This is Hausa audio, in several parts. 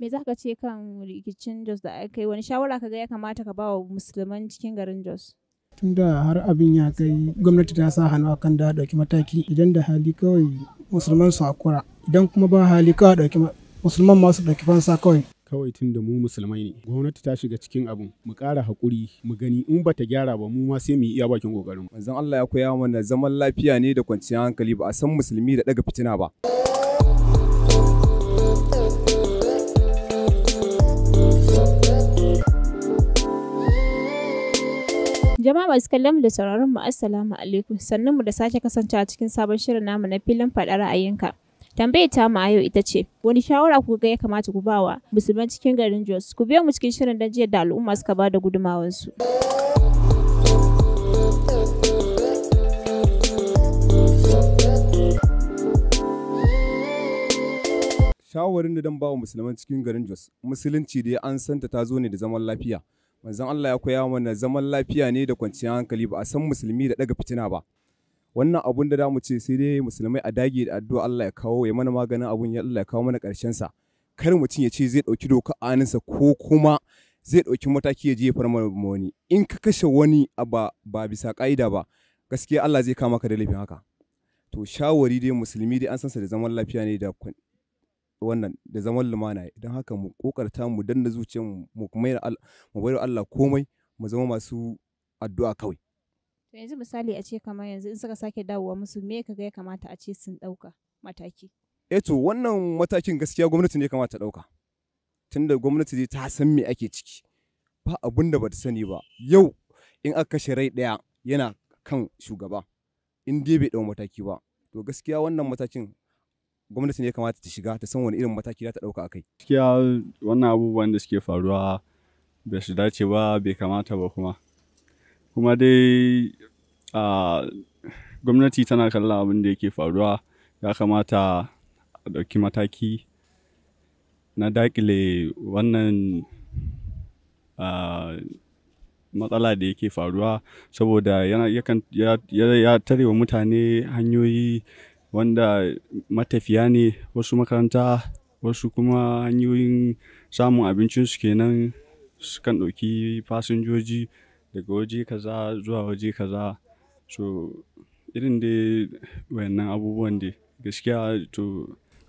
Me za ka ce kan rikicin Jos da aka yi? Wani shawara ka ga ya kamata ka ba wa musulman cikin garin Jos? Tun da har abin ya kai gwamnati ta sa hannu akan da ɗauki mataki idan da hali kawai musulman su hakura idan kuma ba hali kawai ɗauki musulman masu ɗauki fansa kawai. Kawai tun da mu musulmai ne gwamnati ta shiga cikin abin mu ƙara haƙuri mu gani in ba ta gyara ba mu ma sai mu yi iya bakin ƙoƙarin. Manzon Allah ya koya mana zaman lafiya ne da kwanciyar hankali ba a san musulmi da ɗaga fitina ba. Jama'a masu kallon mu da sauraron mu assalamu alaikum sannun mu da sake kasancewa cikin sabon shirin namu na filin faɗa ra'ayinka. Tambayar ta mu a ita ce wani shawara ku ga ya kamata ku bawa musulman cikin garin Jos ku biyo mu cikin shirin don jiya da al'umma suka ba da su. Shawarin da dan bawa musulman cikin garin Jos musulunci da an santa ta zo ne da zaman lafiya. manzon Allah ya koya mana zaman lafiya ne da kwanciyar hankali ba a san musulmi da daga fitina ba wannan abun da mu ce sai dai musulmai a dage da addu'a Allah ya kawo ya mana maganin abun ya Allah ya kawo mana karshen sa kar mutum ya ce zai dauki doka a hannunsa ko kuma zai dauki mataki ya je far mana wani in ka kashe wani ba ba bisa ka'ida ba gaskiya Allah zai kama ka da laifin haka to shawari dai musulmi dai an san sa da zaman lafiya ne da wannan da zaman lumana don haka mu kokarta mu danna zuciyar mu kuma yana mu bayar Allah komai mu zama masu addu'a kawai to yanzu misali a ce kamar yanzu in suka sake dawowa musu me kaga ya kamata a ce sun dauka mataki eh to wannan matakin gaskiya gwamnati ne kamata ta dauka tunda gwamnati dai ta san me ake ciki ba abun da ta sani ba yau in aka kashe rai daya yana kan shugaba in dai bai dau mataki ba to gaskiya wannan matakin gwamnati ne kamata ta shiga ta san wani irin mataki za ta ɗauka a kai. Gaskiya wannan abubuwan da suke faruwa bai su dace ba bai kamata ba kuma. Kuma dai a gwamnati tana kallon abin da yake faruwa ya kamata a ɗauki mataki na daƙile wannan matsala da yake faruwa saboda yana ya wa mutane hanyoyi wanda matafiya ne wasu makaranta wasu kuma hanyoyin samun abincin su kenan sukan ɗauki fasinjoji daga waje kaza zuwa waje kaza so irin dai wayannan abubuwan dai gaskiya to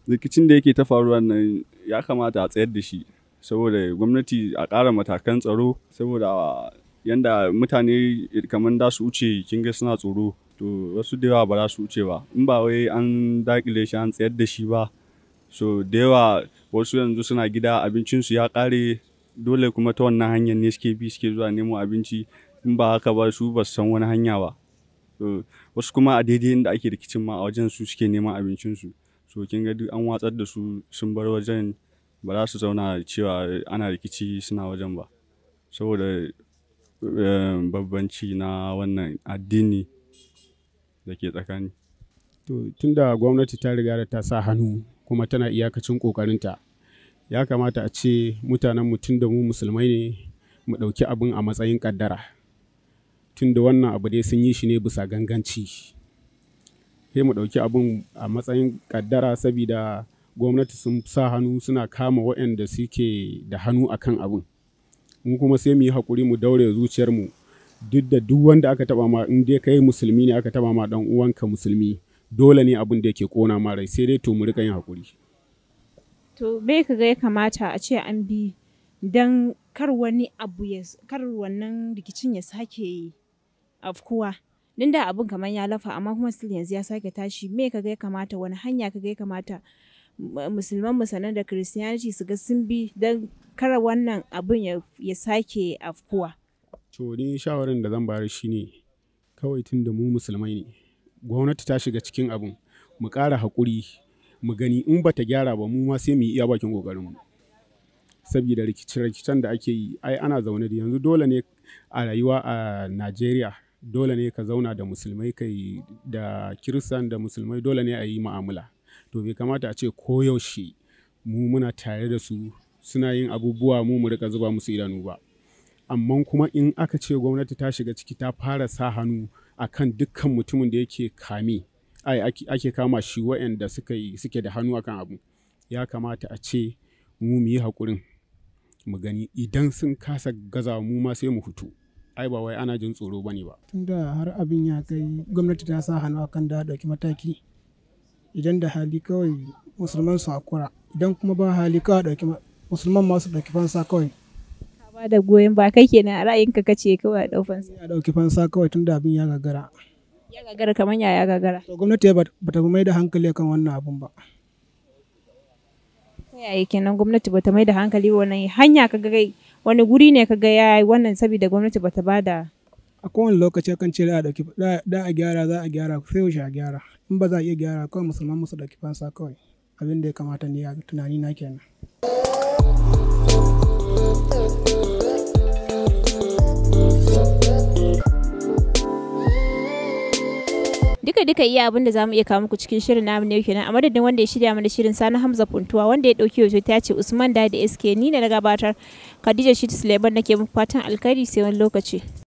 rikicin da yake ta faruwa nan ya kamata a tsayar da shi saboda gwamnati a ƙara matakan tsaro saboda yanda mutane kamar da su wuce kinga suna tsoro to wasu da yawa ba za su wuce ba in ba wai an dakile shi an tsayar da shi ba so da yawa wasu yanzu suna gida abincinsu ya kare dole kuma ta wannan hanyar ne suke bi suke zuwa nemo abinci in ba haka ba su ba san wani hanya ba so, wasu kuma a daidai inda ake rikicin ma a wajen su suke neman abincinsu so kin ga duk an watsar da su sun bar wajen ba za su zauna cewa ana rikici suna wajen ba saboda eh, babbanci na wannan addini da ke tsakani to da gwamnati ta riga da ta sa hannu kuma tana iyakacin ƙoƙarinta ya kamata a ce mutanen mutum da mu musulmai ne mu ɗauki abin a matsayin ƙaddara tun da wannan abu dai sun yi shi ne bisa ganganci sai mu ɗauki abin a matsayin ƙaddara saboda gwamnati sun sa hannu suna kama waɗanda suke da hannu akan abin mu kuma sai mu yi haƙuri mu daure zuciyarmu duk da duk wanda aka taba ma in dai kai musulmi ne aka taba ma dan uwanka musulmi dole ne abin da yake kona ma rai sai dai to mu rika yin hakuri to me ka ga ya kamata a ce an bi dan kar wani abu ya kar wannan rikicin ya sake afkuwa din da abin kamar ya lafa amma kuma still yanzu ya sake tashi me ka ga ya kamata wani hanya ka ga ya kamata musulman musanan da christianity su ga sun bi don kar wannan abin ya sake afkuwa To ni shawarin da zan bayar shine kawai tun da mu musulmai ne gwamnati ta shiga cikin abin mu ƙara haƙuri mu gani in bata gyara ba mu ma sai mu yi iya bakin ƙoƙarinmu. Saboda rikice-rikicen da ake yi ai ana zaune da yanzu dole ne a rayuwa a Najeriya dole ne ka zauna da musulmai kai da kiristan da musulmai dole ne a yi ma'amula To bai kamata a ce koyaushe mu muna tare da su suna yin abubuwa mu mu rika zuba musu idanu ba. amma kuma in aka ce gwamnati ta shiga ciki ta fara sa hannu a kan dukkan mutumin da yake kame ai ake kama shi waɗanda suke da hannu akan abu ya kamata a ce mu mu yi haƙurin mu gani idan sun kasa gaza mu ma sai mu hutu ai ba wai ana jin tsoro bane ba tun da har abin ya kai gwamnati ta sa hannu akan da dauki mataki idan da hali kawai musulman su hakura idan kuma ba hali kawai dauki musulman ma su dauki fansa kawai ba da goyon ba kai kenan a ra'ayinka kace kawai a ɗaukan sa. A ɗauki fansa kawai tun da abin ya gagara. Ya gagara kamar ya gagara. To gwamnati ba ta mai da hankali kan wannan abun ba. Ta yaya kenan gwamnati ba ta mai da hankali wani hanya ka ga wani guri ne ka ga ya yi wannan saboda gwamnati ba ta ba da. A kowane lokaci kan ce da a gyara za a gyara sai wuce a gyara in ba za a iya gyara kawai musulman musu ɗauki fansa kawai abin da ya kamata ne a tunani na kenan. duka duka iya abin da zamu iya kawo muku cikin shirin namu ne kenan a madadin wanda ya shirya mana shirin Sani Hamza Puntuwa wanda ya dauki hoto ta ce Usman da da SK ni ne na gabatar Khadija ta Suleiman nake muku fatan alkhairi sai wani lokaci